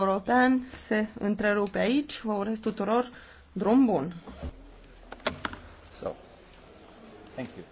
european se întrerupe aici. Vă urez tuturor drum bun. So, thank you.